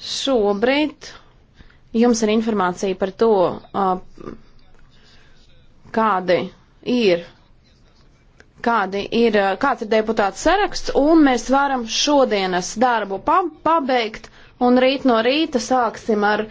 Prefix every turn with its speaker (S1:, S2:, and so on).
S1: Šobrīd jums ir informācija par to, kādi ir, kādi ir, kāds ir deputāts saraksts, un mēs varam šodienas darbu pabeigt,
S2: un rīt no rīta sāksim ar.